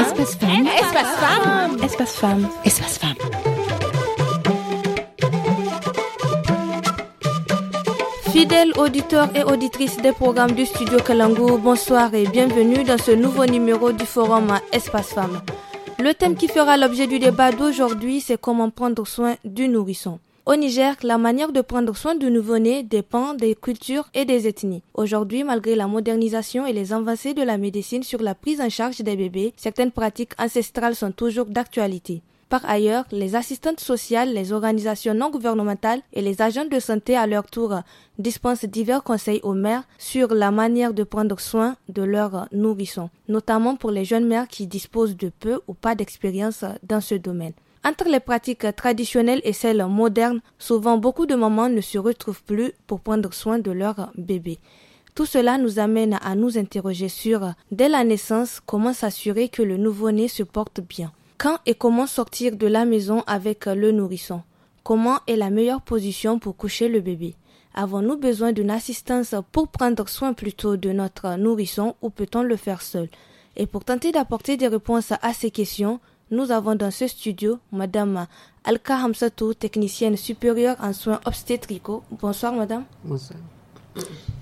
Espace femme. Espace femme. Espace femme. Espace Fidèles auditeurs et auditrices des programmes du studio Kalangu, bonsoir et bienvenue dans ce nouveau numéro du forum Espace Femmes. Le thème qui fera l'objet du débat d'aujourd'hui, c'est comment prendre soin du nourrisson. Au Niger, la manière de prendre soin du nouveau-né dépend des cultures et des ethnies. Aujourd'hui, malgré la modernisation et les avancées de la médecine sur la prise en charge des bébés, certaines pratiques ancestrales sont toujours d'actualité. Par ailleurs, les assistantes sociales, les organisations non gouvernementales et les agents de santé à leur tour dispensent divers conseils aux mères sur la manière de prendre soin de leurs nourrissons, notamment pour les jeunes mères qui disposent de peu ou pas d'expérience dans ce domaine. Entre les pratiques traditionnelles et celles modernes, souvent beaucoup de mamans ne se retrouvent plus pour prendre soin de leur bébé. Tout cela nous amène à nous interroger sur, dès la naissance, comment s'assurer que le nouveau-né se porte bien. Quand et comment sortir de la maison avec le nourrisson Comment est la meilleure position pour coucher le bébé Avons-nous besoin d'une assistance pour prendre soin plutôt de notre nourrisson ou peut-on le faire seul Et pour tenter d'apporter des réponses à ces questions, nous avons dans ce studio Madame Alka Hamsatou, technicienne supérieure en soins obstétrico. Bonsoir Madame. Bonsoir.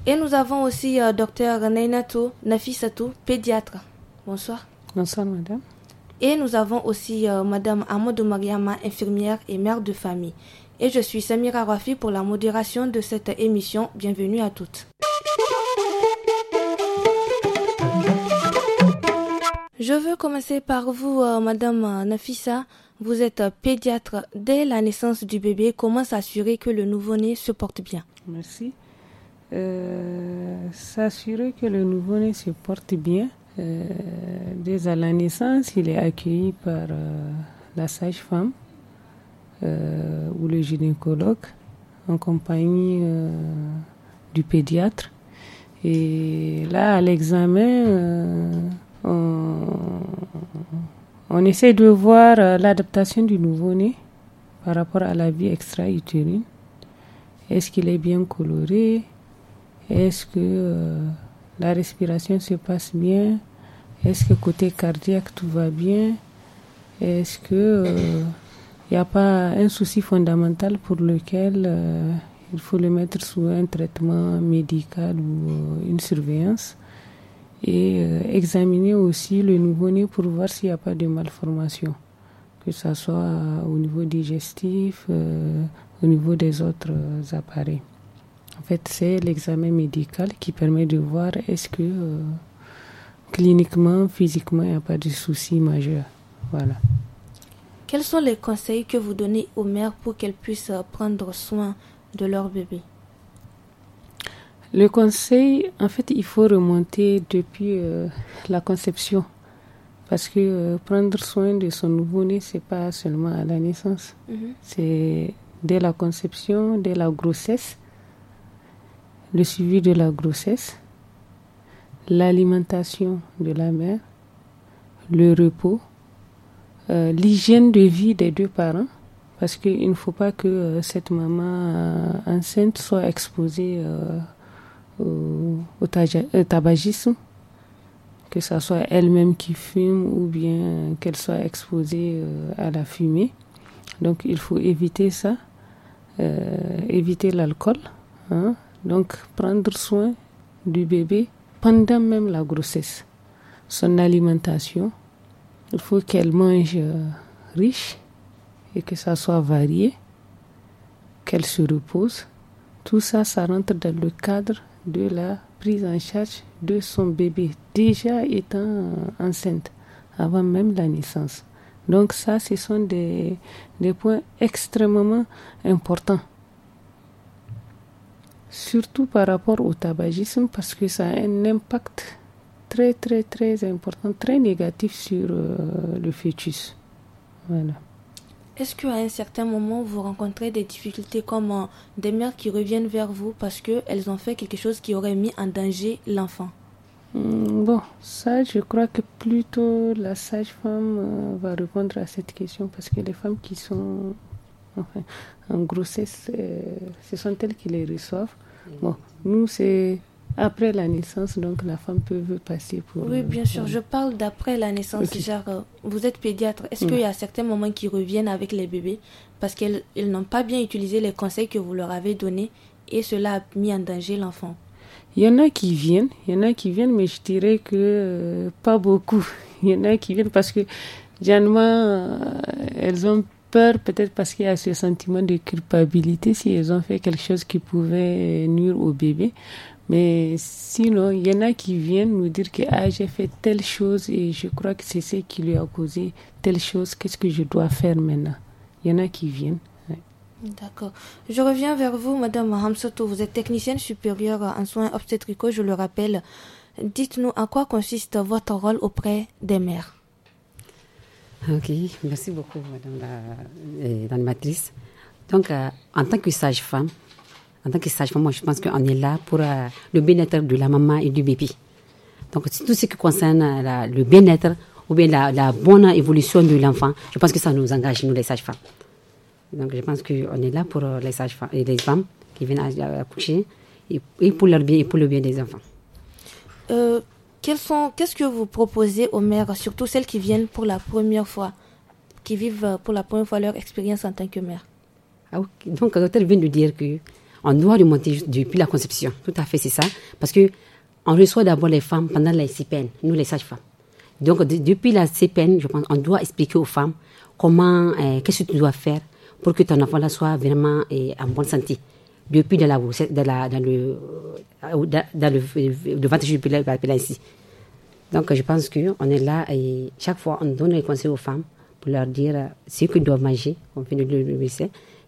Et nous avons aussi Dr. Euh, docteur Nainato Nafisatou, pédiatre. Bonsoir. Bonsoir Madame. Et nous avons aussi euh, Madame Amadou Mariama, infirmière et mère de famille. Et je suis Samira Rafi pour la modération de cette émission. Bienvenue à toutes. Je veux commencer par vous, euh, Madame euh, Nafissa. Vous êtes euh, pédiatre. Dès la naissance du bébé, comment s'assurer que le nouveau-né se porte bien Merci. s'assurer que le nouveau-né se porte bien. dès à la naissance, il est accueilli par la sage-femme ou le gynécologue en compagnie du pédiatre. Et là, à l'examen, on, essaie de voir euh, l'adaptation du nouveau-né par rapport à la vie extra-utérine. Est-ce qu'il est bien coloré Est-ce que euh, la respiration se passe bien Est-ce que côté cardiaque tout va bien Est-ce que il euh, n'y a pas un souci fondamental pour lequel il faut le mettre sous un traitement médical ou une surveillance et euh, examiner aussi le nouveau-né pour voir s'il n'y a pas de malformation, que ce soit euh, au niveau digestif, euh, au niveau des autres appareils. En fait, c'est l'examen médical qui permet de voir est-ce que cliniquement, physiquement, il n'y a pas de souci majeur. Voilà. Quels sont les conseils que vous donnez aux mères pour qu'elles puissent prendre soin de leur bébé le conseil, en fait, il faut remonter depuis euh, la conception. Parce que euh, prendre soin de son nouveau-né, c'est pas seulement à la naissance. Mhm. C'est dès la conception, dès la grossesse, le suivi de la grossesse, l'alimentation de la mère, le repos, euh, l'hygiène de vie des deux parents, parce qu'il ne faut pas que cette maman enceinte soit exposée au, euh, tabagisme, que ce soit elle-même qui fume ou bien qu'elle soit exposée euh, à la fumée. Donc il faut éviter ça, euh, éviter l'alcool, hein. donc prendre soin du bébé pendant même la grossesse. Son alimentation, il faut qu'elle mange riche et que ça soit varié, qu'elle se repose. Tout ça, ça rentre dans le cadre de la prise en charge de son bébé, déjà étant enceinte, avant même la naissance. Donc ça, ce sont des, points extrêmement importants. Surtout par rapport au tabagisme, parce que ça a un impact très, très, très important, très négatif sur euh, le fœtus. Voilà. Est-ce qu'à un certain moment, vous rencontrez des difficultés comme euh, des mères qui reviennent vers vous parce qu'elles ont fait quelque chose qui aurait mis en danger l'enfant hmm, Bon, ça, je crois que plutôt la sage-femme euh, va répondre à cette question parce que les femmes qui sont en grossesse, euh, ce sont elles qui les reçoivent. Bon, nous, c'est après la naissance, donc la femme peut passer pour. Oui, bien euh, sûr. Je parle d'après la naissance. Genre, euh, vous êtes pédiatre. Est-ce qu'il y a certains moments qui reviennent avec les bébés parce qu'ils n'ont pas bien utilisé les conseils que vous leur avez donnés et cela a mis en danger l'enfant Il y en a qui viennent, il y en a qui viennent, mais je dirais que euh, pas beaucoup. Il y en a qui viennent parce que généralement elles ont peur peut-être parce qu'il y a ce sentiment de culpabilité si elles ont fait quelque chose qui pouvait nuire au bébé. Mais sinon, il y en a qui viennent nous dire que ah, j'ai fait telle chose et je crois que c'est ce qui lui a causé telle chose, qu'est-ce que je dois faire maintenant Il y en a qui viennent. D'accord. Je reviens vers vous, Madame Hamsoto. Vous êtes technicienne supérieure en soins obstétricaux, je le rappelle. Dites-nous en quoi consiste votre rôle auprès des mères. Ok, merci beaucoup, Madame l'animatrice. Euh, Donc, euh, en tant que sage-femme, en tant que sage-femme, je pense qu'on est là pour euh, le bien-être de la maman et du bébé. Donc, tout ce qui concerne euh, le bien-être ou bien la, bonne évolution de l'enfant, je pense que ça nous engage, nous, les sages-femmes. Donc, je pense qu'on est là pour euh, les sages-femmes et les femmes qui viennent accoucher et, pour leur bien et pour le bien des enfants. Euh, qu'est-ce que vous proposez aux mères, surtout celles qui viennent pour la première fois, qui vivent pour la première fois leur expérience en tant que mère ah, Donc, elle vient de dire que on doit remonter depuis la conception. Tout à fait, c'est ça. Parce que on reçoit d'abord les femmes pendant la CPN, nous les sages-femmes. Donc, depuis la CPN, je pense, on doit expliquer aux femmes comment, euh, qu'est-ce que tu dois faire pour que ton enfant là soit vraiment euh, en bonne santé. Depuis de la, de la, dans le, euh, dans le, Donc, je pense qu'on est là et chaque fois, on donne les conseils aux femmes pour leur dire ce qu'ils doivent manger, on fait le,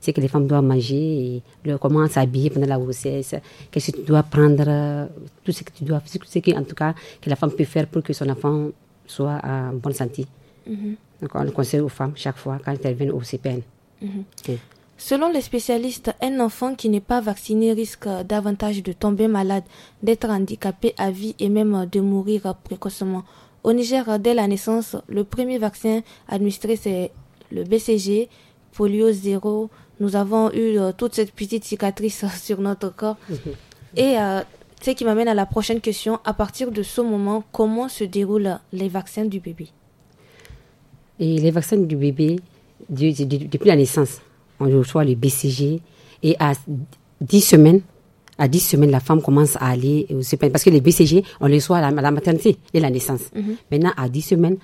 c'est que les femmes doivent manger, et le, comment s'habiller pendant la grossesse, qu'est-ce que tu dois prendre, tout ce que tu dois, tout ce que, en tout cas que la femme peut faire pour que son enfant soit en bonne santé. Mhm. Donc on le conseille aux femmes chaque fois quand elles viennent au CPN. Mhm. Selon les spécialistes, un enfant qui n'est pas vacciné risque davantage de tomber malade, d'être handicapé à vie et même de mourir précocement. Au Niger, dès la naissance, le premier vaccin administré, c'est le BCG, polio 0, nous avons eu euh, toute cette petite cicatrice sur notre corps. Mhm. Et euh, ce qui m'amène à la prochaine question. À partir de ce moment, comment se déroulent les vaccins du bébé Et les vaccins du bébé, depuis la naissance, on reçoit les BCG et à 10 semaines, à 10 semaines, la femme commence à aller au CPN. Parce que les BCG, on les reçoit à la, maternité et la naissance. Mhm. Maintenant, à 10 semaines,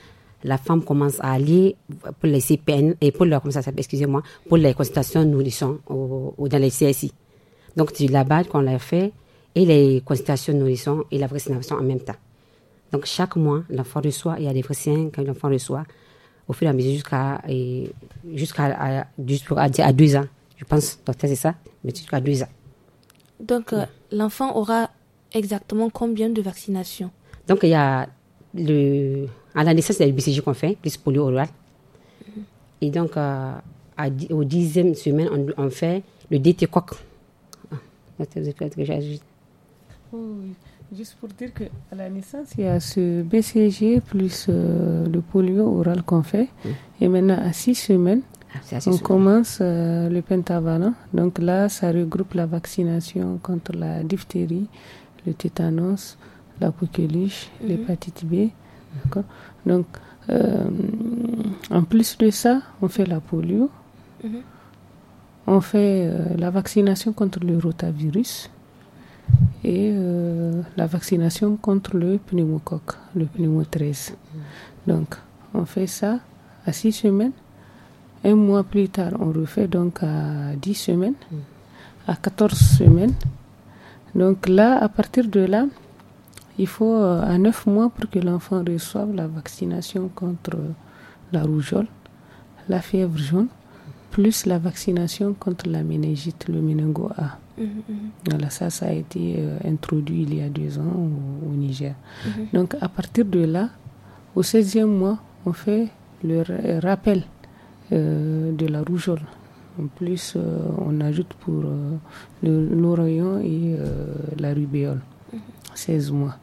la femme commence à aller pour les CPN et pour leur, excusez-moi, pour les consultations nourrissons ou, dans les CSI. Donc, c'est là-bas qu'on l'a fait et les consultations nourrissons et la vaccination en même temps. Donc, chaque mois, l'enfant reçoit, il y a des vaccins que l'enfant reçoit au fil et à mesure jusqu'à, jusqu'à, à deux ans. Je pense, docteur, c'est ça, mais jusqu'à deux ans. Donc, euh, l'enfant aura exactement combien de vaccinations Donc, il y a le, à la naissance, il y a le BCG qu'on fait, plus polio oral. Et donc, euh, à, au dixième semaine, on, fait le DT coq. Ah, juste pour dire qu'à la naissance, il y a ce BCG plus euh, le polio oral qu'on fait. Hmm. Et maintenant, à six semaines, ah, on commence euh, le pentavalent. Donc là, ça regroupe la vaccination contre la diphtérie, le tétanos, la coqueluche, hmm. l'hépatite B donc, euh, en plus de ça, on fait la polio, mhm. on fait euh, la vaccination contre le rotavirus et euh, la vaccination contre le pneumocoque, le pneumo 13. Donc, on fait ça à 6 semaines. Un mois plus tard, on refait donc à 10 semaines, à 14 semaines. Donc là, à partir de là, il faut euh, à neuf mois pour que l'enfant reçoive la vaccination contre la rougeole, la fièvre jaune, plus la vaccination contre la méningite, le meningo A. Mhm, mhm. Voilà, ça, ça a été euh, introduit il y a deux ans au, Niger. Mhm. Donc, à partir de là, au 16e mois, on fait le rappel euh, de la rougeole. En plus, on ajoute pour le l'oreillon et la rubéole. 16 mois.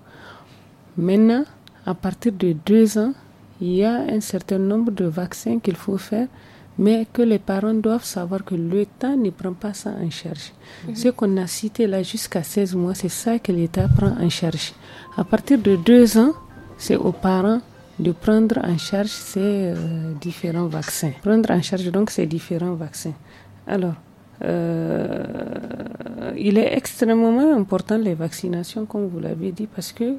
Maintenant, à partir de deux ans, il y a un certain nombre de vaccins qu'il faut faire, mais que les parents doivent savoir que l'État ne prend pas ça en charge. Mhm. Ce qu'on a cité là jusqu'à 16 mois, c'est ça que l'État prend en charge. À partir de deux ans, c'est aux parents de prendre en charge ces euh, différents vaccins. Prendre en charge donc ces différents vaccins. Alors, euh, il est extrêmement important les vaccinations, comme vous l'avez dit, parce que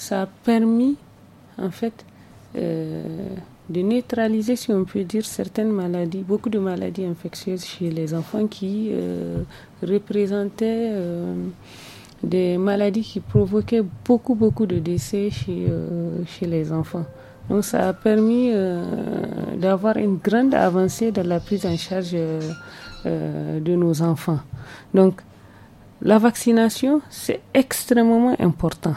ça a permis, en fait, euh, de neutraliser, si on peut dire, certaines maladies, beaucoup de maladies infectieuses chez les enfants qui euh, représentaient euh, des maladies qui provoquaient beaucoup, beaucoup de décès chez, chez les enfants. Donc ça a permis d'avoir une grande avancée dans la prise en charge de nos enfants. Donc la vaccination, c'est extrêmement important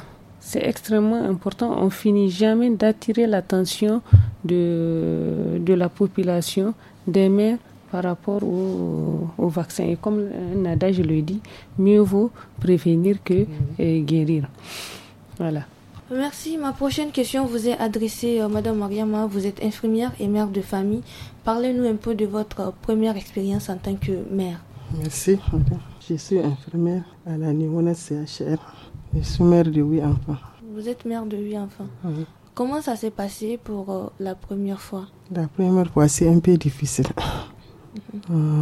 c'est extrêmement important. On finit jamais d'attirer l'attention de, de la population, des maires par rapport au, vaccin. Et comme Nada, je le dit, mieux vaut prévenir que mhm. euh, guérir. Voilà. Merci. Ma prochaine question vous est adressée, à euh, Madame Mariama. Vous êtes infirmière et mère de famille. Parlez-nous un peu de votre euh, première expérience en tant que mère. Merci. Je suis infirmière à la Nimona CHR. Je suis mère de huit enfants. Vous êtes mère de huit enfants. Comment ça s'est passé pour euh, la première fois La première fois, c'est un peu difficile. Euh,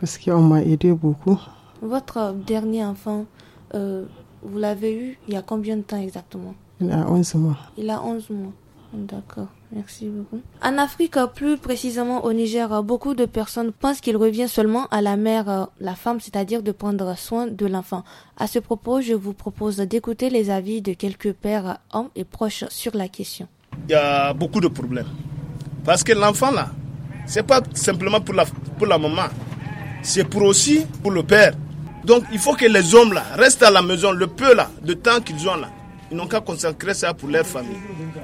parce qu'on m'a aidé beaucoup. Votre euh, dernier enfant, vous l'avez eu il y a combien de temps exactement Il a onze mois. Il a 11 mois. D'accord. Merci beaucoup. En Afrique, plus précisément au Niger, beaucoup de personnes pensent qu'il revient seulement à la mère, euh, la femme, c'est-à-dire de prendre soin de l'enfant. À ce propos, je vous propose d'écouter les avis de quelques pères, hommes et proches sur la question. Il y a beaucoup de problèmes. Parce que l'enfant là, c'est pas simplement pour la, pour la maman, c'est pour aussi pour le père. Donc il faut que les hommes là restent à la maison le peu là de temps qu'ils ont là ils n'ont qu'à consacrer ça pour leur famille.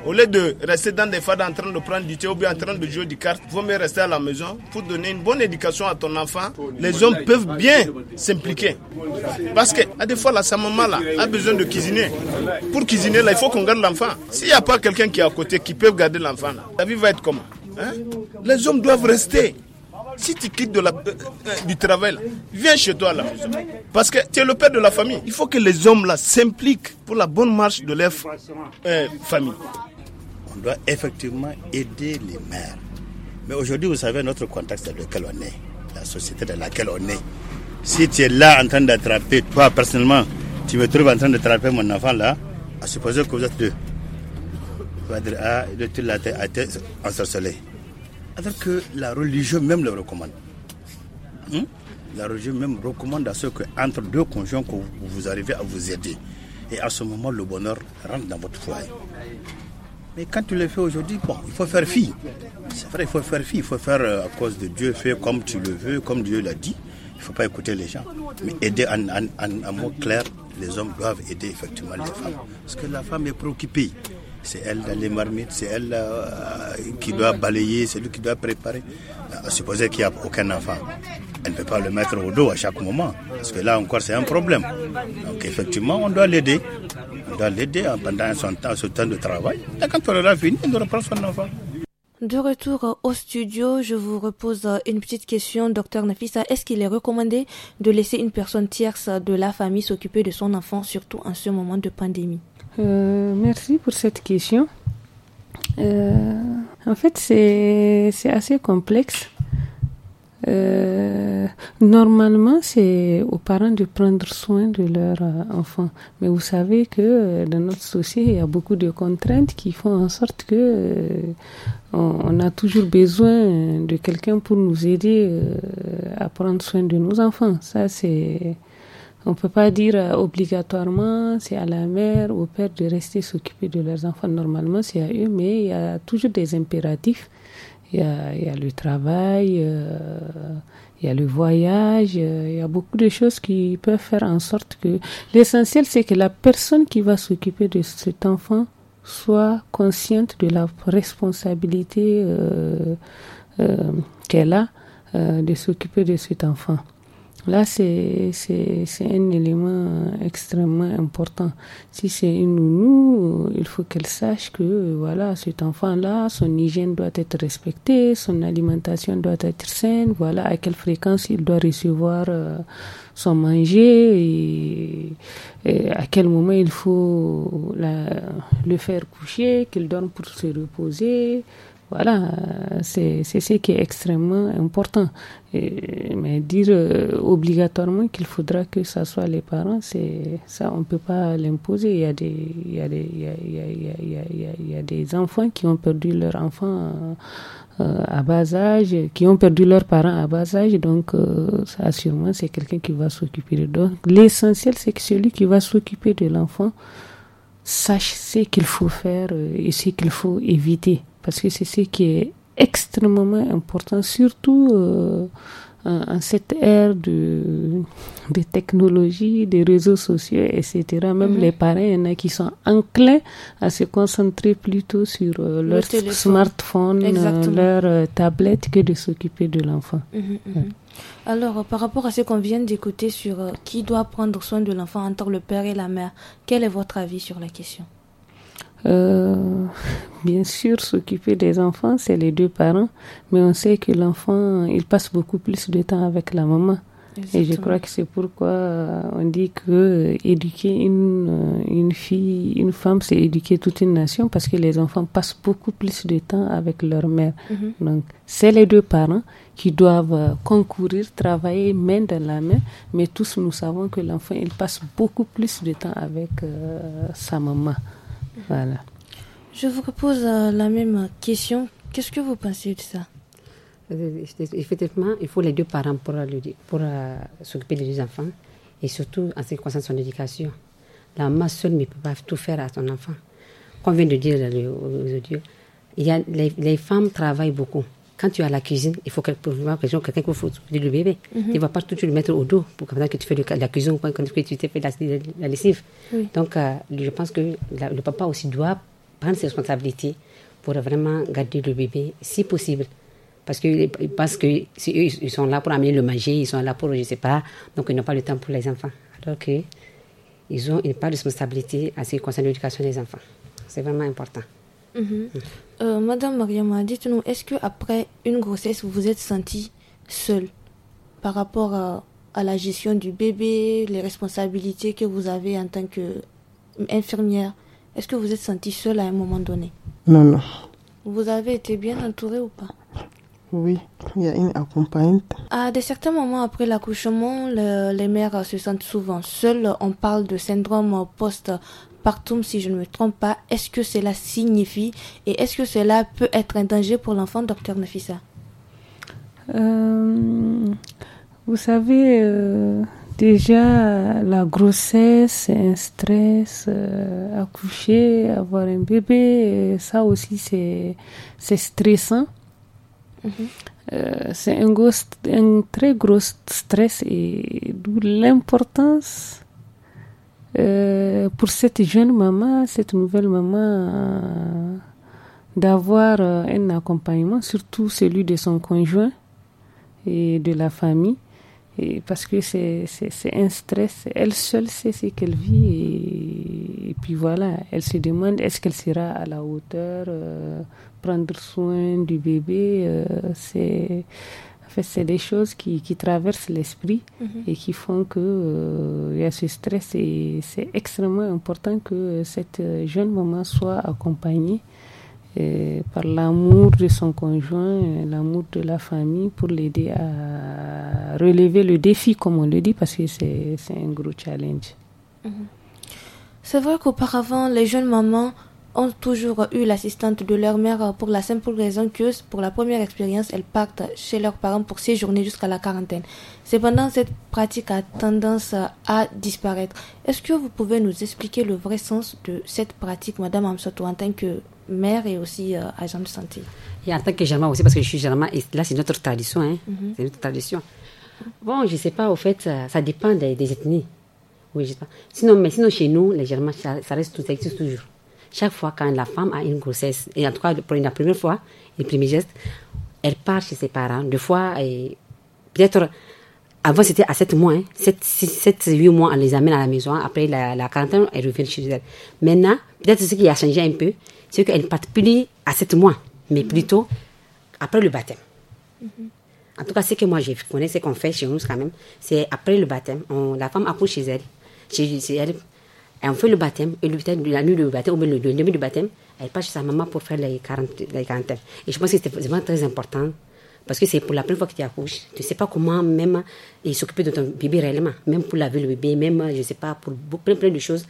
Au lieu de rester dans des fades en train de prendre du thé ou bien en train de jouer du cartes, vaut mieux rester à la maison pour donner une bonne éducation à ton enfant. Les hommes peuvent bien s'impliquer. Parce que, à des fois, là, sa maman là, a besoin de cuisiner. Pour cuisiner, là, il faut qu'on garde l'enfant. S'il n'y a pas quelqu'un qui est à côté qui peut garder l'enfant, la vie va être comment hein? Les hommes doivent rester. Si tu quittes de la, euh, euh, du travail, viens chez toi là, Parce que tu es le père de la famille. Il faut que les hommes là s'impliquent pour la bonne marche de leur euh, famille. On doit effectivement aider les mères. Mais aujourd'hui, vous savez, notre contexte dans lequel on est, la société dans laquelle on est. Si tu es là en train d'attraper, toi personnellement, tu me trouves en train d'attraper mon enfant là, à supposer que vous êtes deux. Tu vas dire, ah, tu l'as été ensorcelé alors que la religion même le recommande. Hmm? La religion même recommande à ceux que entre deux conjoints que vous arrivez à vous aider. Et à ce moment, le bonheur rentre dans votre foyer. Mais quand tu le fais aujourd'hui, bon, il faut faire fi. C'est vrai, il faut faire fi. Il faut faire euh, à cause de Dieu, faire comme tu le veux, comme Dieu l'a dit. Il ne faut pas écouter les gens. Mais aider en, en, en, en mot clair, les hommes doivent aider effectivement les femmes. Parce que la femme est préoccupée c'est elle dans les marmites, c'est elle euh, qui doit balayer, c'est lui qui doit préparer. Euh, Supposer qu'il n'y a aucun enfant, elle ne peut pas le mettre au dos à chaque moment, parce que là encore c'est un problème. Donc effectivement, on doit l'aider, on doit l'aider pendant son temps, ce temps de travail, et quand on aura fini, on reprend son enfant. De retour au studio, je vous repose une petite question, docteur Nafissa. Est-ce qu'il est recommandé de laisser une personne tierce de la famille s'occuper de son enfant, surtout en ce moment de pandémie euh, merci pour cette question. Euh, en fait, c'est assez complexe. Euh, normalement, c'est aux parents de prendre soin de leurs enfants. Mais vous savez que dans notre société, il y a beaucoup de contraintes qui font en sorte que on a toujours besoin de quelqu'un pour nous aider à prendre soin de nos enfants. Ça, c'est on ne peut pas dire euh, obligatoirement c'est à la mère ou au père de rester s'occuper de leurs enfants. Normalement, c'est à eux, mais il y a toujours des impératifs. Il y a, le travail, euh, il y a le voyage, euh, il y a beaucoup de choses qui peuvent faire en sorte que l'essentiel, c'est que la personne qui va s'occuper de cet enfant soit consciente de la responsabilité qu'elle a de s'occuper de cet enfant. Là, c'est un élément extrêmement important. Si c'est une nounou, il faut qu'elle sache que voilà, cet enfant-là, son hygiène doit être respectée, son alimentation doit être saine, voilà à quelle fréquence il doit recevoir euh, son manger et, à quel moment il faut le faire coucher, qu'il dorme pour se reposer, voilà, euh, c'est ce qui est extrêmement important. mais dire euh, obligatoirement qu'il faudra que ça soit les parents, c'est ça, on peut pas l'imposer. Il y a des, il y a des, enfants qui ont perdu leur enfant euh, à bas âge, qui ont perdu leurs parents à bas âge, donc ça sûrement c'est quelqu'un qui va s'occuper de Donc l'essentiel c'est que celui qui va s'occuper de l'enfant sache ce qu'il faut faire et ce qu'il faut éviter parce que c'est ce qui est extrêmement important, surtout euh, en, cette ère de, des technologies, des réseaux sociaux, etc. Même mhm. les parents, il y en a qui sont enclins à se concentrer plutôt sur euh, leur smartphone, euh, leur tablette, que de s'occuper de l'enfant. Mhm, mhm. Alors, par rapport à ce qu'on vient d'écouter sur qui doit prendre soin de l'enfant entre le père et la mère, quel est votre avis sur la question euh, bien sûr, s'occuper des enfants, c'est les deux parents, mais on sait que l'enfant, il passe beaucoup plus de temps avec la maman. Et je crois que c'est pourquoi euh, on dit que euh, éduquer une, une fille, une femme, c'est éduquer toute une nation parce que les enfants passent beaucoup plus de temps avec leur mère. Mhm. Donc, c'est les deux parents qui doivent concourir, travailler main dans la main, mais tous nous savons que l'enfant, il passe beaucoup plus de temps avec sa maman. Voilà. Je vous repose euh, la même question. Qu'est-ce que vous pensez de ça euh, Effectivement, il faut les deux parents pour, pour euh, s'occuper des deux enfants et surtout en ce qui concerne son éducation. La maman seule ne peut pas tout faire à son enfant. Qu'on vient de dire aux les femmes travaillent beaucoup. Quand tu as la cuisine, il faut que quelqu'un qui faut le bébé. Il mhm. ne pas tout de suite le mettre au dos pour que, tu fais la cuisine ou que tu te fait la, lessive. Donc, euh, je pense que le papa aussi doit prendre ses responsabilités pour vraiment garder le bébé si possible parce que parce que si ils sont là pour amener le manger, ils sont là pour je sais pas, donc ils n'ont pas le temps pour les enfants. Alors qu'ils ils ont une part de responsabilité à ce qui concerne l'éducation des enfants. C'est vraiment important. Mhm. Mm. Euh, Madame Mariama, dites-nous, est-ce que après une grossesse, vous vous êtes sentie seule par rapport à, la gestion du bébé, les responsabilités que vous avez en tant qu'infirmière euh, Est-ce que vous êtes sentie seule à un moment donné Non, non. Vous avez été bien entourée ou pas oui, il y a une accompagnante. À ah, de certains moments après l'accouchement, les mères se sentent souvent seules. On parle de syndrome post Bartoum, si je ne me trompe pas, est-ce que cela signifie et est-ce que cela peut être un danger pour l'enfant, docteur Nafissa euh, Vous savez, euh, déjà, la grossesse, un stress, euh, accoucher, avoir un bébé, ça aussi, c'est stressant. Mhm. c'est un, un très gros stress et d'où l'importance euh, pour cette jeune maman, cette nouvelle maman, euh, d'avoir euh, un accompagnement, surtout celui de son conjoint et de la famille, et parce que c'est un stress. Elle seule sait ce qu'elle vit et, et, puis voilà, elle se demande est-ce qu'elle sera à la hauteur, prendre soin du bébé, c'est c'est des choses qui, qui traversent l'esprit mhm. et qui font qu'il euh, il y a ce stress. Et c'est extrêmement important que cette jeune maman soit accompagnée euh, par l'amour de son conjoint, l'amour de la famille pour l'aider à relever le défi, comme on le dit, parce que c'est un gros challenge. Mhm. C'est vrai qu'auparavant, les jeunes mamans ont toujours eu l'assistante de leur mère pour la simple raison que, pour la première expérience, elles partent chez leurs parents pour séjourner jusqu'à la quarantaine. Cependant, cette pratique a tendance à disparaître. Est-ce que vous pouvez nous expliquer le vrai sens de cette pratique, Madame Amsoto, en tant que mère et aussi euh, agent de santé Et en tant que germain aussi, parce que je suis germain, et là, c'est notre tradition. Hein? Mhm. C'est notre tradition. Bon, je ne sais pas, au fait, euh, ça, dépend des, ethnies. Oui, je sais pas. Sinon, mais sinon, chez nous, les germains, ça, reste tout, ça existe toujours. Chaque fois, quand la femme a une grossesse, et en tout cas pour la première fois, le premier geste, elle part chez ses parents. Deux fois, peut-être avant c'était à 7 mois, 7, 7, 8 mois, on les amène à la maison. Après la, quarantaine, elle revient chez elle. Maintenant, peut-être ce qui a changé un peu, c'est qu'elle ne part plus à 7 mois, mais mhm. plutôt après le baptême. Mhm. En tout cas, ce que moi je connais, ce qu'on fait chez nous quand même, c'est après le baptême, on, la femme accouche chez elle. chez elle on fait le baptême, et le, la nuit du baptême, ou le, demi du baptême, elle passe chez sa maman pour faire les 40, les Et je pense que c'est vraiment très important, parce que c'est pour la première fois que tu accouches, tu ne sais pas comment même s'occuper de ton bébé réellement, même pour laver le bébé, même, je ne sais pas, pour plein, plein de choses,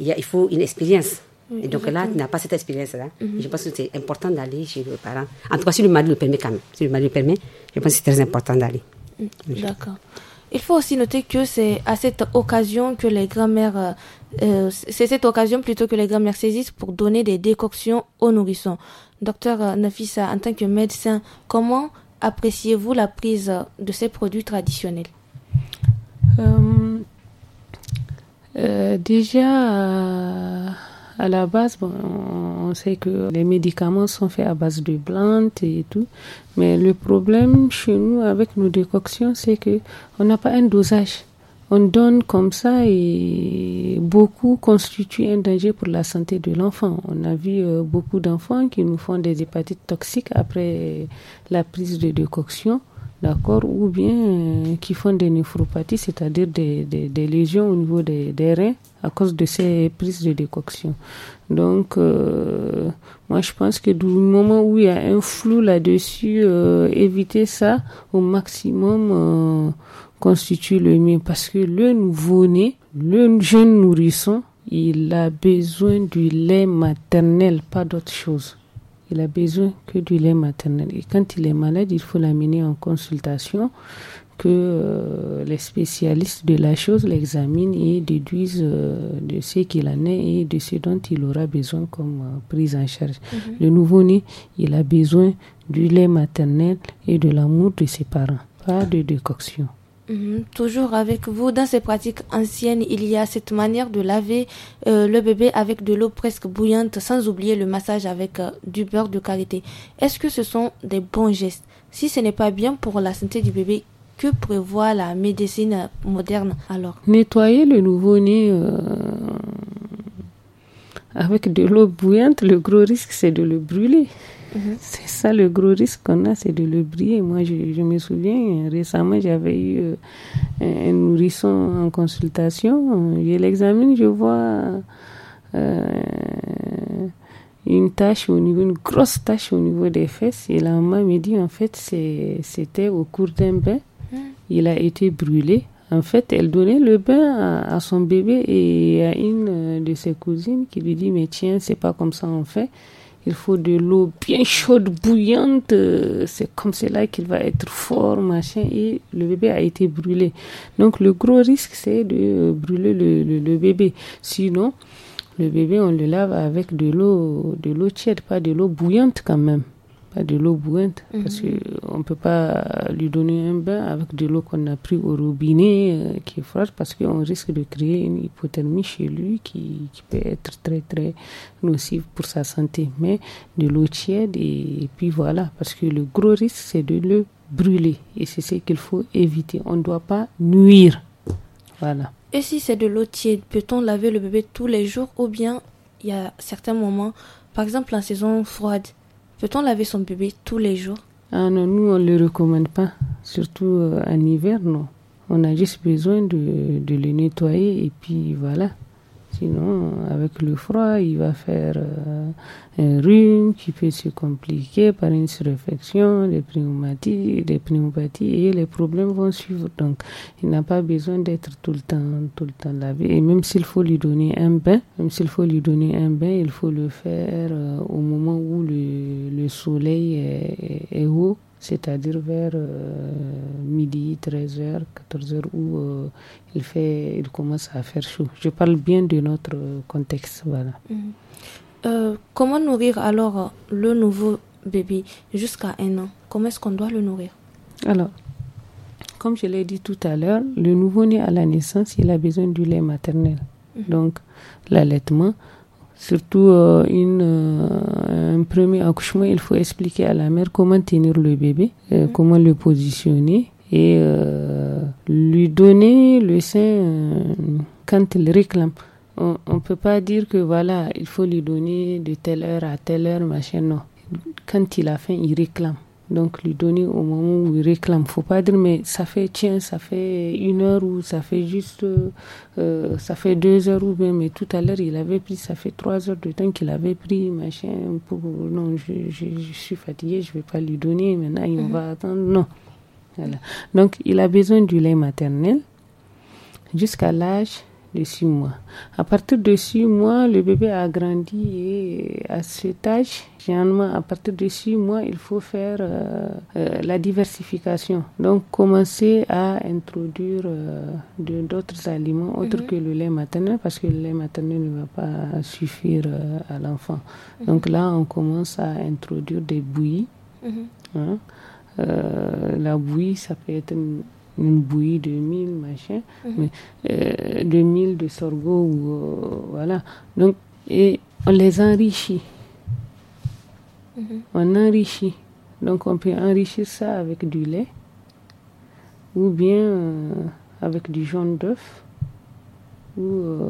il, y a, il faut une expérience. et donc là, tu n'as pas cette expérience-là. Mhm. Je pense que c'est important d'aller chez le parent. En tout cas, si le mari le permet quand même, si le mari le permet, je pense que c'est très important d'aller. Mm, d'accord. Il faut aussi noter que c'est à cette occasion que les grand mères euh, euh, c'est cette occasion plutôt que les grands-mères saisissent pour donner des décoctions aux nourrissons. Docteur euh, Nafisa, en tant que médecin, comment appréciez-vous la prise de ces produits traditionnels Déjà, à la base, on sait que les médicaments sont faits à base de plantes et tout, mais le problème chez nous avec nos décoctions, c'est que on n'a pas un dosage. On donne comme ça et beaucoup constituent un danger pour la santé de l'enfant. On a vu euh, beaucoup d'enfants qui nous font des hépatites toxiques après la prise de décoction d'accord, ou bien euh, qui font des néphropathies, c'est-à-dire des, des, lésions au niveau des reins, à cause de ces prises de décoction. Donc, euh, moi, je pense que du moment où il y a un flou là-dessus, euh, éviter ça au maximum euh, constitue le mieux. Parce que le nouveau-né, le jeune nourrisson, il a besoin du lait maternel, pas d'autre chose. Il a besoin que du lait maternel. Et quand il est malade, il faut l'amener en consultation que euh, les spécialistes de la chose l'examinent et déduisent euh, de ce qu'il en est et de ce dont il aura besoin comme euh, prise en charge. Mhm. Le nouveau-né, il a besoin du lait maternel et de l'amour de ses parents, pas de décoction. Mhm. Toujours avec vous, dans ces pratiques anciennes, il y a cette manière de laver le bébé avec de l'eau presque bouillante, sans oublier le massage avec du beurre de karité. Est-ce que ce sont des bons gestes Si ce n'est pas bien pour la santé du bébé, que prévoit la médecine moderne alors Nettoyer le nouveau-né euh, avec de l'eau bouillante, le gros risque c'est de le brûler. Mhm. C'est ça le gros risque qu'on a, c'est de le brûler. Moi, je, me souviens, récemment, j'avais eu euh, un nourrisson en consultation. Je l'examine, je vois euh, une tache au niveau, une grosse tache au niveau des fesses. Et la maman me dit, en fait, c'était au cours d'un bain il a été brûlé. En fait, elle donnait le bain à, son bébé et à une euh, de ses cousines qui lui dit, mais tiens, c'est pas comme ça on fait. Il faut de l'eau bien chaude, bouillante. Euh, c'est comme cela qu'il va être fort, machin. Et le bébé a été brûlé. Donc le gros risque, c'est de euh, brûler le, le, bébé. Sinon, le bébé, on le lave avec de l'eau, de l'eau tiède, pas de l'eau bouillante quand même pas de l'eau bouillante, mhm. parce qu'on ne peut pas lui donner un bain avec de l'eau qu'on a pris au robinet euh, qui est froide, parce qu'on risque de créer une hypothermie chez lui qui, qui, peut être très très nocive pour sa santé. Mais de l'eau tiède, et, et, puis voilà, parce que le gros risque, c'est de le brûler, et c'est ce qu'il faut éviter. On ne doit pas nuire. Voilà. Et si c'est de l'eau tiède, peut-on laver le bébé tous les jours ou bien il y a certains moments, par exemple en saison froide, Peut-on laver son bébé tous les jours Ah non, nous, on ne le recommande pas, surtout euh, en hiver, non. On a juste besoin de, de le nettoyer et puis voilà. Sinon, avec le froid, il va faire euh, un rhume qui peut se compliquer par une surréflexion, des pneumatiques, des pneumopathies et les problèmes vont suivre. Donc, il n'a pas besoin d'être tout le temps, tout le temps lavé. Et même s'il faut lui donner un bain, même s'il faut lui donner un bain, il faut le faire euh, au moment où le, le soleil est haut c'est-à-dire vers euh, midi, 13h, 14h, où euh, il, fait, il commence à faire chaud. Je parle bien de notre contexte. Voilà. Mhm. Euh, comment nourrir alors le nouveau bébé jusqu'à un an Comment est-ce qu'on doit le nourrir Alors, comme je l'ai dit tout à l'heure, le nouveau-né à la naissance, il a besoin du lait maternel. Mhm. Donc, l'allaitement Surtout euh, euh, un premier accouchement, il faut expliquer à la mère comment tenir le bébé, euh, mhm. comment le positionner et lui donner le sein quand il réclame. On ne peut pas dire que voilà, il faut lui donner de telle heure à telle heure, machin, non. Quand il a faim, il réclame donc lui donner au moment où il réclame. Faut pas dire mais ça fait tiens, ça fait une heure ou ça fait juste euh, euh, ça fait deux heures ou bien mais tout à l'heure il avait pris ça fait trois heures de temps qu'il avait pris machin pour non je, je, suis fatigué je vais pas lui donner maintenant il mhm. va attendre non donc il a besoin du lait maternel jusqu'à l'âge de 6 mois. À partir de 6 mois, le bébé a grandi et à cet âge, généralement à partir de 6 mois, il faut faire euh, euh, la diversification. Donc commencer à introduire euh, d'autres aliments autres mhm. que le lait maternel parce que le lait maternel ne va pas suffire à l'enfant. Mhm. Donc là, on commence à introduire des bouillies. Mhm. Hein. la bouillie, ça peut être une une bouillie de mille, machin, mhm. mais, euh, de mille, de sorgho, ou, euh, voilà. Donc, et on les enrichit. Mhm. On enrichit. Donc, on peut enrichir ça avec du lait ou bien euh, avec du jaune d'œuf ou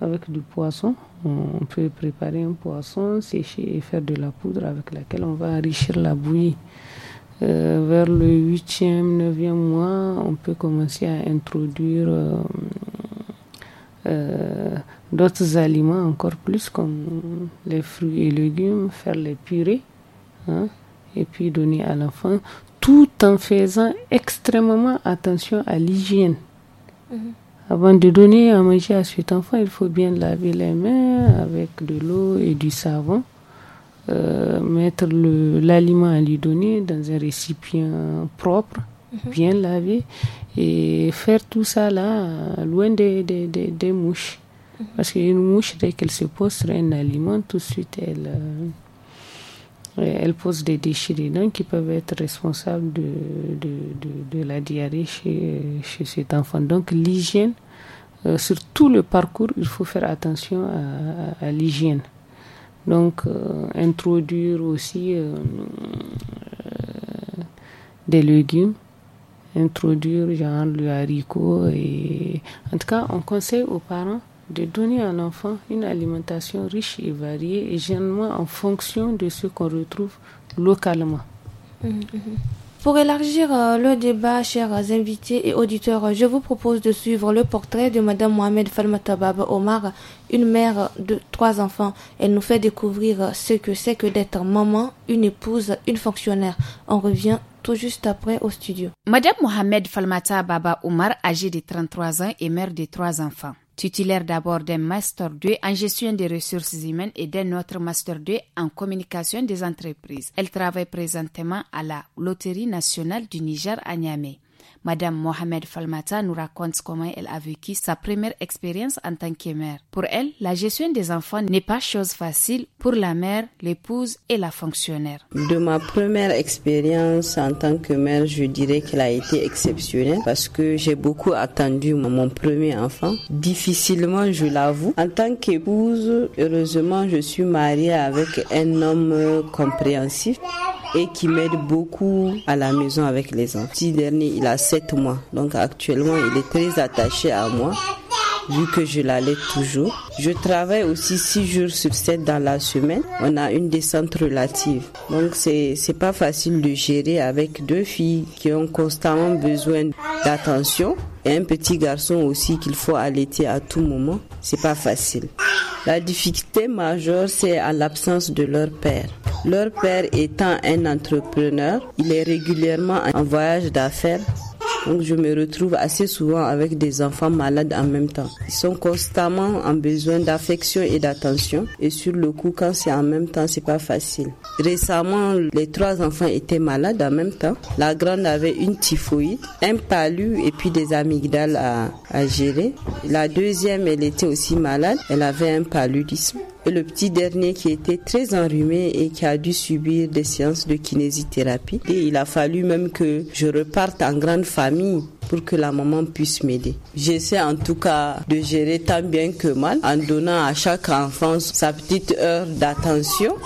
avec du poisson. On peut préparer un poisson, sécher et faire de la poudre avec laquelle on va enrichir la bouillie. Euh, vers le 8e, 9e mois, on peut commencer à introduire euh, euh, d'autres aliments encore plus, comme les fruits et légumes, faire les purées, hein, et puis donner à l'enfant, tout en faisant extrêmement attention à l'hygiène. Mm-hmm. Avant de donner à manger à cet enfant, il faut bien laver les mains avec de l'eau et du savon euh, mettre l'aliment à lui donner dans un récipient propre, mhm. bien lavé, et faire tout ça là, loin des, des, des, mouches. Mhm. Parce qu'une mouche, dès qu'elle se pose sur un aliment, tout de suite, elle, euh, elle pose des déchets dedans qui peuvent être responsables de, de, de, la diarrhée chez, chez cet enfant. Donc l'hygiène, euh, sur tout le parcours, il faut faire attention à l'hygiène. Donc, euh, introduire aussi euh, euh, des légumes introduire genre le haricot et en tout cas on conseille aux parents de donner à l'enfant une alimentation riche et variée et généralement en fonction de ce qu'on retrouve localement. Mmh, mmh. Pour élargir euh, le débat, chers invités et auditeurs, je vous propose de suivre le portrait de Madame Mohamed Falmatabab Omar, une mère de trois enfants. Elle nous fait découvrir ce que c'est que d'être maman, une épouse, une fonctionnaire. On revient tout juste après au studio. Madame Mohamed Falmata Baba Omar, âgée de 33 ans et mère de trois enfants titulaire d'abord d'un Master 2 en gestion des ressources humaines et d'un autre Master 2 en communication des entreprises. Elle travaille présentement à la Loterie nationale du Niger à Niamey. Madame Mohamed Falmata nous raconte comment elle a vécu sa première expérience en tant que mère. Pour elle, la gestion des enfants n'est pas chose facile pour la mère, l'épouse et la fonctionnaire. De ma première expérience en tant que mère, je dirais qu'elle a été exceptionnelle parce que j'ai beaucoup attendu mon premier enfant. Difficilement, je l'avoue. En tant qu'épouse, heureusement, je suis mariée avec un homme compréhensif et qui m'aide beaucoup à la maison avec les enfants. il a mois. Donc actuellement, il est très attaché à moi vu que je l'allais toujours. Je travaille aussi six jours sur sept dans la semaine. On a une descente relative. Donc c'est pas facile de gérer avec deux filles qui ont constamment besoin d'attention et un petit garçon aussi qu'il faut allaiter à tout moment. C'est pas facile. La difficulté majeure, c'est à l'absence de leur père. Leur père étant un entrepreneur, il est régulièrement en voyage d'affaires donc je me retrouve assez souvent avec des enfants malades en même temps. Ils sont constamment en besoin d'affection et d'attention. Et sur le coup, quand c'est en même temps, c'est pas facile. Récemment, les trois enfants étaient malades en même temps. La grande avait une typhoïde, un palu et puis des amygdales à, à gérer. La deuxième, elle était aussi malade. Elle avait un paludisme le petit dernier qui était très enrhumé et qui a dû subir des séances de kinésithérapie. Et il a fallu même que je reparte en grande famille pour que la maman puisse m'aider. J'essaie en tout cas de gérer tant bien que mal en donnant à chaque enfant sa petite heure d'attention.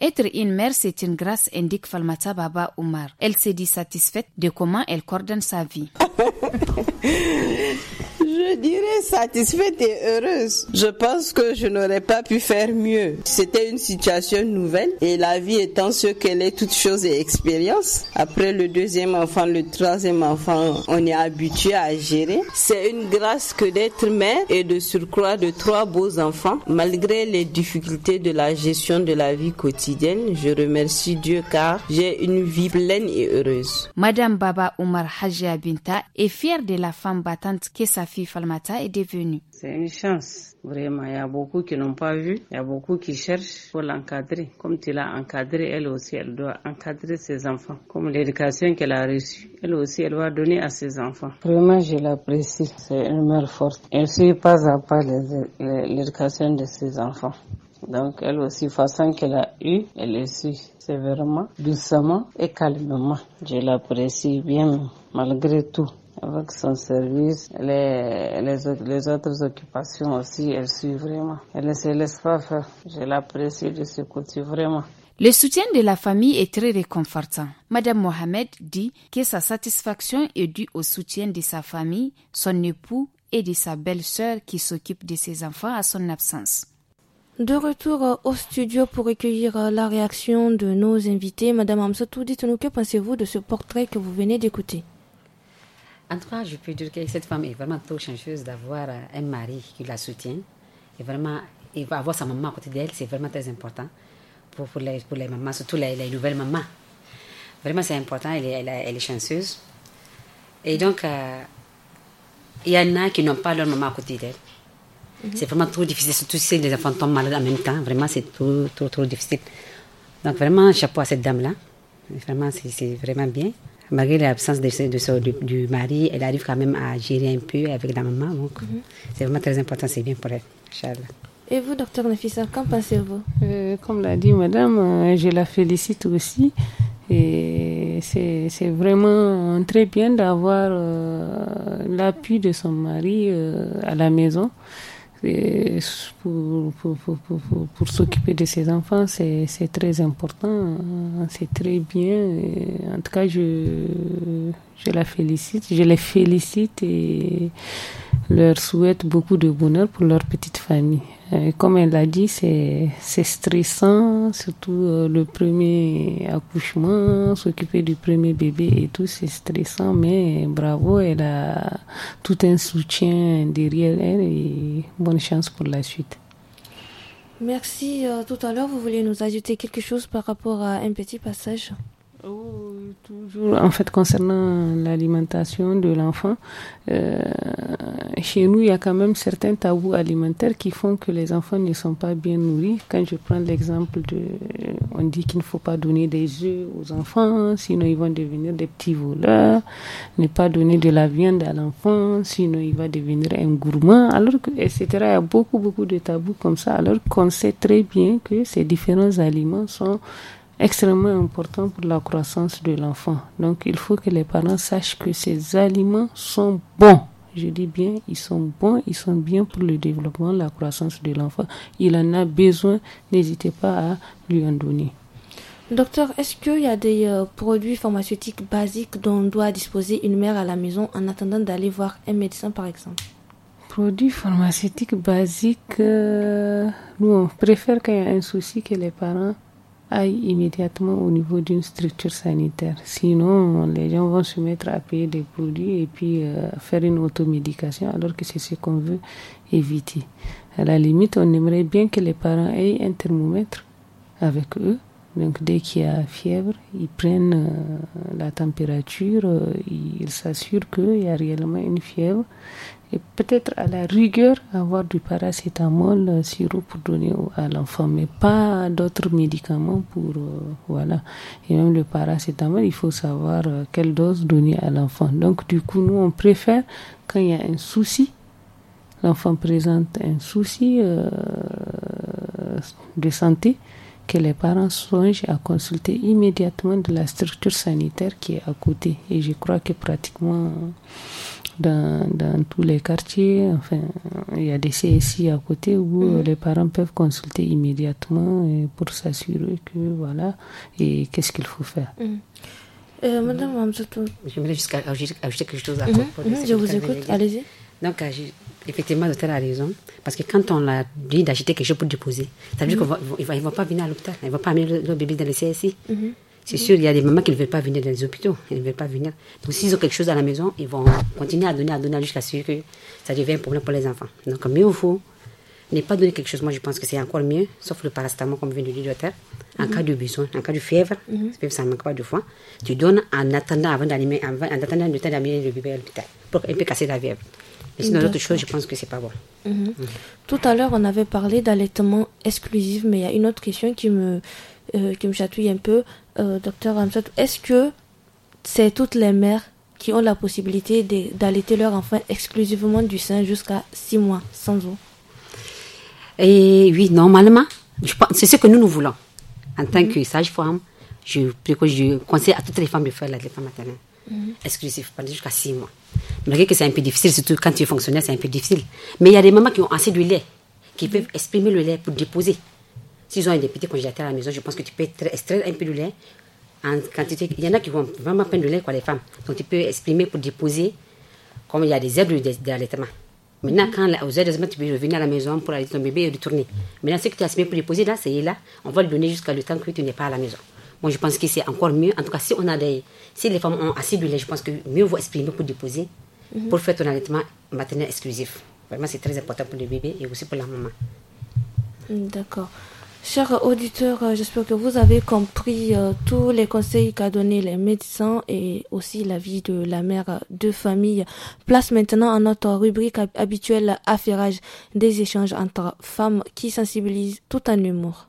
Être une mère, c'est une grâce, indique Falmata Baba Oumar. Elle s'est dit satisfaite de comment elle coordonne sa vie. Je dirais satisfaite et heureuse. Je pense que je n'aurais pas pu faire mieux. C'était une situation nouvelle et la vie étant ce qu'elle est, toutes choses et expériences. Après le deuxième enfant, le troisième enfant, on est habitué à gérer. C'est une grâce que d'être mère et de surcroît de trois beaux enfants. Malgré les difficultés de la gestion de la vie quotidienne, je remercie Dieu car j'ai une vie pleine et heureuse. Madame Baba Omar Hajia Binta est fière de la femme battante que sa fille Falmata est devenue. C'est une chance, vraiment. Il y a beaucoup qui n'ont pas vu, il y a beaucoup qui cherchent pour l'encadrer. Comme tu l'as encadré, elle aussi, elle doit encadrer ses enfants. Comme l'éducation qu'elle a reçue, elle aussi, elle doit donner à ses enfants. Vraiment, je l'apprécie. C'est une mère forte. Elle suit pas à pas l'éducation de ses enfants. Donc, elle aussi, façon qu'elle a eu, elle le suit sévèrement, doucement et calmement. Je l'apprécie bien, malgré tout avec son service, les, autres occupations aussi, elle suit vraiment. Elle ne se laisse pas faire. Je l'apprécie de ce côté vraiment. Le soutien de la famille est très réconfortant. Madame Mohamed dit que sa satisfaction est due au soutien de sa famille, son époux et de sa belle-sœur qui s'occupe de ses enfants à son absence. De retour au studio pour recueillir la réaction de nos invités, Madame Amsatou, dites-nous que pensez-vous de ce portrait que vous venez d'écouter en tout cas, je peux dire que cette femme est vraiment trop chanceuse d'avoir euh, un mari qui la soutient. Et vraiment, avoir sa maman à côté d'elle, c'est vraiment très important pour, pour, les, mamans, surtout les, nouvelles mamans. Vraiment, c'est important, elle est, chanceuse. Et donc, euh, il y en a qui n'ont pas leur maman à côté d'elle. Mhm. C'est vraiment trop difficile, surtout si les enfants tombent malades en même temps. Vraiment, c'est trop, trop, trop difficile. Donc, vraiment, chapeau à cette dame-là. Vraiment, c'est vraiment bien malgré l'absence de, du, mari, elle arrive quand même à gérer un peu avec la maman. Donc, mhm. c'est vraiment très important, c'est bien pour elle. Charles. Et vous, docteur Nafissa, qu'en pensez-vous euh, Comme l'a dit madame, euh, je la félicite aussi. Et c'est vraiment euh, très bien d'avoir l'appui de son mari à la maison pour, pour, s'occuper de ses enfants, c'est très important, hein. c'est très bien. En tout cas, je, je la félicite, je les félicite et leur souhaite beaucoup de bonheur pour leur petite famille. Euh, comme elle l'a dit, c'est stressant, surtout euh, le premier accouchement, s'occuper du premier bébé et tout, c'est stressant, mais bravo, elle a tout un soutien derrière elle et bonne chance pour la suite. Merci. Euh, tout à l'heure, vous voulez nous ajouter quelque chose par rapport à un petit passage Oh, toujours, en fait, concernant l'alimentation de l'enfant, euh, chez nous, il y a quand même certains tabous alimentaires qui font que les enfants ne sont pas bien nourris. Quand je prends l'exemple de, on dit qu'il ne faut pas donner des œufs aux enfants, sinon ils vont devenir des petits voleurs. Ne pas donner de la viande à l'enfant, sinon il va devenir un gourmand. Alors que, etc. Il y a beaucoup, beaucoup de tabous comme ça. Alors qu'on sait très bien que ces différents aliments sont extrêmement important pour la croissance de l'enfant. Donc il faut que les parents sachent que ces aliments sont bons. Je dis bien, ils sont bons, ils sont bien pour le développement, la croissance de l'enfant. Il en a besoin, n'hésitez pas à lui en donner. Docteur, est-ce qu'il y a des euh, produits pharmaceutiques basiques dont doit disposer une mère à la maison en attendant d'aller voir un médecin, par exemple Produits pharmaceutiques basiques, euh, nous on préfère qu'il y ait un souci que les parents aille immédiatement au niveau d'une structure sanitaire. Sinon, les gens vont se mettre à payer des produits et puis euh, faire une automédication alors que c'est ce qu'on veut éviter. À la limite, on aimerait bien que les parents aient un thermomètre avec eux donc dès qu'il y a fièvre, ils prennent euh, la température, euh, ils s'assurent qu'il y a réellement une fièvre. Et peut-être à la rigueur, avoir du paracétamol, euh, sirop pour donner à l'enfant, mais pas d'autres médicaments pour... voilà. Et même le paracétamol, il faut savoir quelle dose donner à l'enfant. Donc du coup, nous, on préfère quand il y a un souci, l'enfant présente un souci de santé, que les parents songent à consulter immédiatement de la structure sanitaire qui est à côté. Et je crois que pratiquement dans, dans tous les quartiers, enfin, il y a des CSI à côté où euh, mm-hmm. les parents peuvent consulter immédiatement pour s'assurer que voilà, et qu'est-ce qu'il faut faire. Mm. Euh, madame je J'aimerais juste ajouter quelque chose à mm-hmm. propos mm-hmm. Je vous écoute, allez-y. Donc, Effectivement, l'hôpital a raison. Parce que quand on leur dit d'acheter quelque chose pour déposer, ça veut dire mhm. qu'ils ne vont pas venir à l'hôpital. Ils ne vont pas amener leur bébé dans le CSI. Mhm. C'est sûr, il y a des mamans qui ne veulent pas venir dans les hôpitaux, ils ne veulent pas venir. Donc s'ils ont quelque chose à la maison, ils vont continuer à donner, à donner jusqu'à ce que ça devienne un problème pour les enfants. Donc mieux vaut ne pas donner quelque chose. Moi, je pense que c'est encore mieux, sauf le paracétamol, comme vient de dire le docteur, en mhm. cas de besoin, en cas de fièvre, mm -hmm. ça ne manque pas de fois tu donnes en attendant, avant attendant le temps d'amener le bébé à l'hôpital, pour qu'il casser la fièvre. Mais sinon, d'autres choses, je pense que c'est pas bon. Mhm. Mhm. Tout à l'heure, on avait parlé d'allaitement exclusif, mais il y a une autre question qui me, euh, qui me chatouille un peu. Euh, docteur Ramsot, est-ce que c'est toutes les mères qui ont la possibilité d'allaiter leur enfant exclusivement du sein jusqu'à 6 mois sans eau Et oui, normalement, c'est ce que nous, nous voulons. En tant mhm. que sage-femme, je, je, conseille à toutes les femmes de faire l'allaitement maternel. Exclusif, pendant jusqu'à 6 mois. Malgré que c'est un peu difficile, surtout quand tu es fonctionnaire, c'est un peu difficile. Mais il y a des mamans qui ont assez de lait, qui peuvent exprimer le lait pour déposer. S'ils ont un député congélateur à la maison, je pense que tu peux extraire un peu de lait en quantité. Il y en a qui vont vraiment prendre du lait, quoi, les femmes. Donc tu peux exprimer pour déposer, comme il y a des aides d'allaitement. Maintenant, mhm. quand aux aides d'allaitement, tu peux revenir à la maison pour aller ton bébé et retourner. Maintenant, ce que tu as semé pour déposer là, c'est là. On va le donner jusqu'à le temps que tu n'es pas à la maison. Moi, je pense que c'est encore mieux. En tout cas, si on a si les femmes ont assez de lait, je pense que mieux vaut exprimer pour déposer, mhm. pour faire ton allaitement maternel exclusif. Vraiment, c'est très important pour le bébé et aussi pour la maman. D'accord. Chers auditeurs, euh, j'espère que vous avez compris euh, tous les conseils qu'a donné les médecins et aussi l'avis de la mère de famille. Place maintenant à notre rubrique habituelle affairage des échanges entre femmes qui sensibilisent tout un humour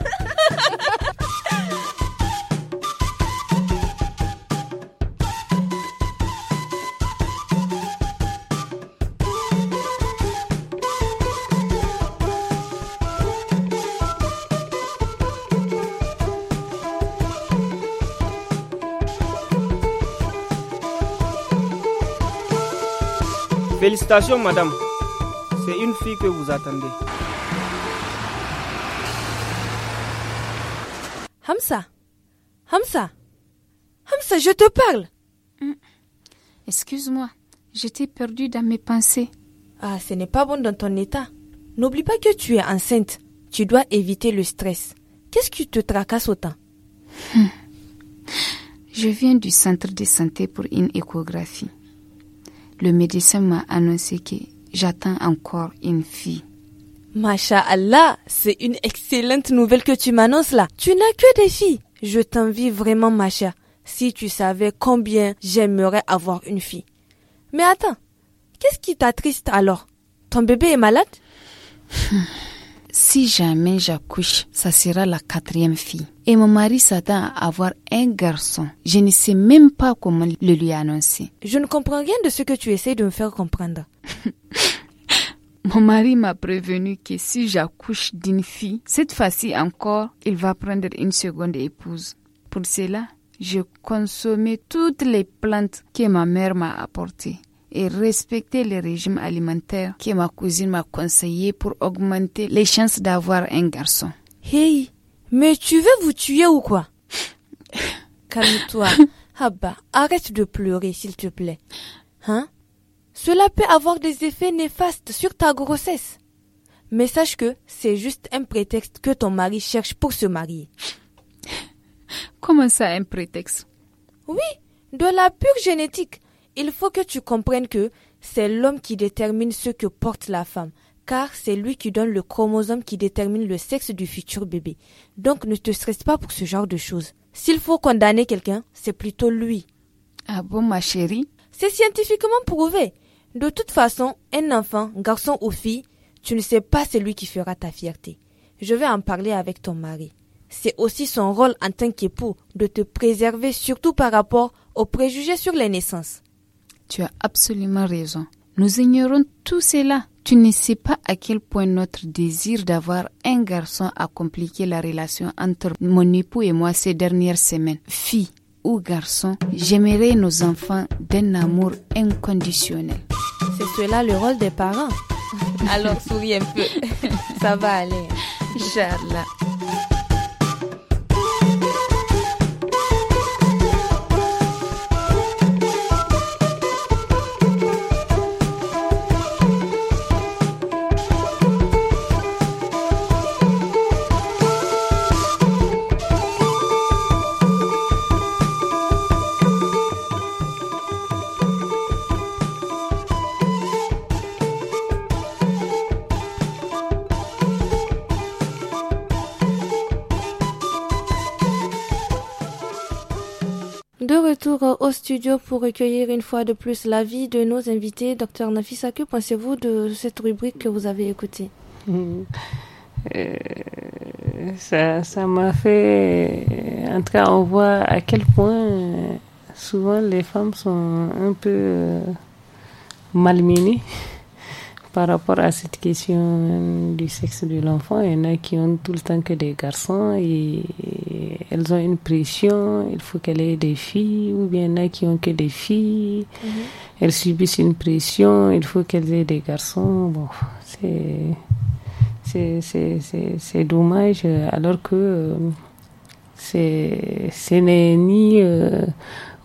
Félicitations, madame. C'est une fille que vous attendez. Hamsa Hamsa Hamsa, je te parle. Hum. Excuse-moi, j'étais perdue dans mes pensées. Ah, ce n'est pas bon dans ton état. N'oublie pas que tu es enceinte. Tu dois éviter le stress. Qu'est-ce qui te tracasse autant hum. Je viens du centre de santé pour une échographie. Le médecin m'a annoncé que j'attends encore une fille. Masha Allah, c'est une excellente nouvelle que tu m'annonces là. Tu n'as que des filles. Je t'envie vraiment, Masha. Si tu savais combien j'aimerais avoir une fille. Mais attends, qu'est-ce qui t'attriste alors Ton bébé est malade si jamais j'accouche, ça sera la quatrième fille. Et mon mari s'attend à avoir un garçon. Je ne sais même pas comment le lui annoncer. Je ne comprends rien de ce que tu essaies de me faire comprendre. mon mari m'a prévenu que si j'accouche d'une fille, cette fois-ci encore, il va prendre une seconde épouse. Pour cela, j'ai consommé toutes les plantes que ma mère m'a apportées et respecter le régime alimentaire que ma cousine m'a conseillé pour augmenter les chances d'avoir un garçon. Hey, mais tu veux vous tuer ou quoi Calme-toi. Abba, arrête de pleurer, s'il te plaît. Hein Cela peut avoir des effets néfastes sur ta grossesse. Mais sache que c'est juste un prétexte que ton mari cherche pour se marier. Comment ça, un prétexte Oui, de la pure génétique. Il faut que tu comprennes que c'est l'homme qui détermine ce que porte la femme, car c'est lui qui donne le chromosome qui détermine le sexe du futur bébé. Donc ne te stresse pas pour ce genre de choses. S'il faut condamner quelqu'un, c'est plutôt lui. Ah bon, ma chérie C'est scientifiquement prouvé. De toute façon, un enfant, garçon ou fille, tu ne sais pas c'est lui qui fera ta fierté. Je vais en parler avec ton mari. C'est aussi son rôle en tant qu'époux de te préserver surtout par rapport aux préjugés sur les naissances. Tu as absolument raison. Nous ignorons tout cela. Tu ne sais pas à quel point notre désir d'avoir un garçon a compliqué la relation entre mon époux et moi ces dernières semaines. Fille ou garçon, j'aimerais nos enfants d'un amour inconditionnel. C'est cela le rôle des parents. Alors souris un Ça va aller. Charles. Euh, au studio pour recueillir une fois de plus l'avis de nos invités. Docteur Nafisa, que pensez-vous de cette rubrique que vous avez écoutée euh, Ça m'a fait... Euh, en tout cas, on voit à quel point souvent les femmes sont un peu malmenées par rapport à cette question du sexe de l'enfant. Il y en a qui ont tout le temps que des garçons et elles ont une pression, il faut qu'elles aient des filles, ou bien il y en a qui ont que des filles, mhm. elles subissent une pression, il faut qu'elles aient des garçons. Bon, c'est, c'est, dommage, alors que euh, c'est, ce n'est ni euh,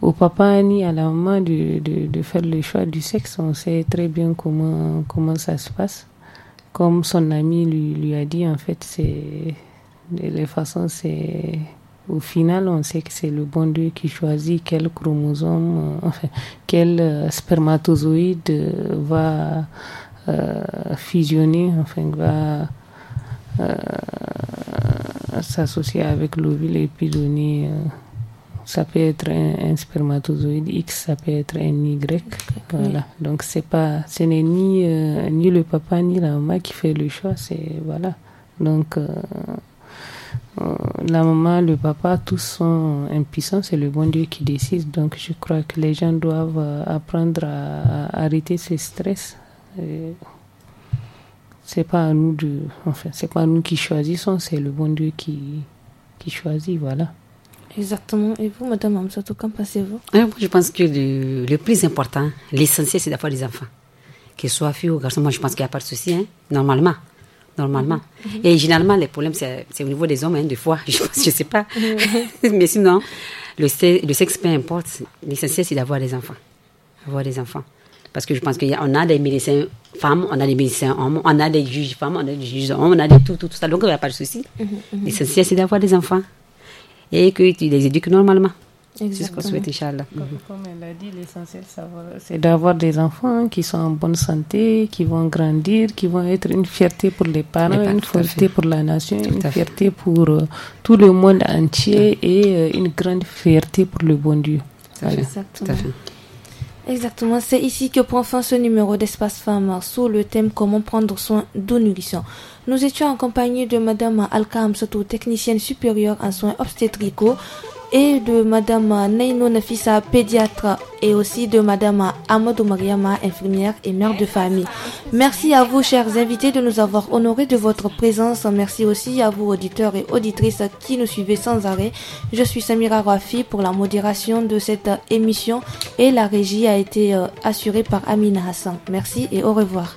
au papa ni à la maman de, de, de, faire le choix du sexe, on sait très bien comment, comment ça se passe. Comme son ami lui, lui a dit, en fait, c'est, de toute façon, c'est au final, on sait que c'est le bon Dieu qui choisit quel chromosome, euh, enfin, quel euh, spermatozoïde euh, va fusionner, enfin, va s'associer avec l'ovule et puis donner. ça peut être un, spermatozoïde X, ça peut être un Y. Voilà. Donc c'est pas, ce n'est ni ni le papa ni la maman qui fait le choix, c'est voilà. Donc euh, la maman, le papa, tous sont impuissants. C'est le bon Dieu qui décide. Donc, je crois que les gens doivent euh, apprendre à, arrêter ce stress. C'est pas à nous de, enfin, c'est pas nous qui choisissons, c'est le bon Dieu qui, qui choisit, voilà. Exactement. Et vous, Madame Amsato, qu'en pensez-vous ah, Je pense que le, plus important, l'essentiel, c'est d'avoir des enfants. Qu'ils soient filles ou garçons. Moi, je pense qu'il n'y a pas de souci, hein. normalement normalement. Mhm. Et généralement, les problèmes, c'est au niveau des hommes, hein, des fois, je ne sais pas. Mais sinon, le sexe, le peu importe. L'essentiel, c'est d'avoir des enfants. Avoir des enfants. Parce que je pense qu'on a, a des médecins femmes, on a des médecins hommes, on a des juges femmes, on a des juges hommes, on a tout, tout, tout ça. Donc, il n'y a pas de souci. Mhm, mhm. L'essentiel, c'est d'avoir des enfants. Et que tu les éduques normalement. C'est ce qu'on souhaite, Inch'Allah. Comme, mhm. elle l'a dit, l'essentiel, c'est d'avoir des enfants hein, qui sont en bonne santé, qui vont grandir, qui vont être une fierté pour les parents, une fierté pour la nation, une fierté pour euh, tout le monde entier et euh, une grande fierté pour le bon Dieu. Exactement. Exactement, c'est ici que prend fin ce numéro d'Espace Femmes sous le thème Comment prendre soin de nourrissons. Nous étions en compagnie de Madame Alka Amsoto, technicienne supérieure en soins obstétricaux, et de Madame Naino Nafisa, pédiatre, et aussi de Madame Amadou Mariama, infirmière et mère de famille. Merci à vous, chers invités, de nous avoir honorés de votre présence. Merci aussi à vous, auditeurs et auditrices, qui nous suivez sans arrêt. Je suis Samira Rafi pour la modération de cette émission et la régie a été euh, assurée par Amina Hassan. Merci et au revoir.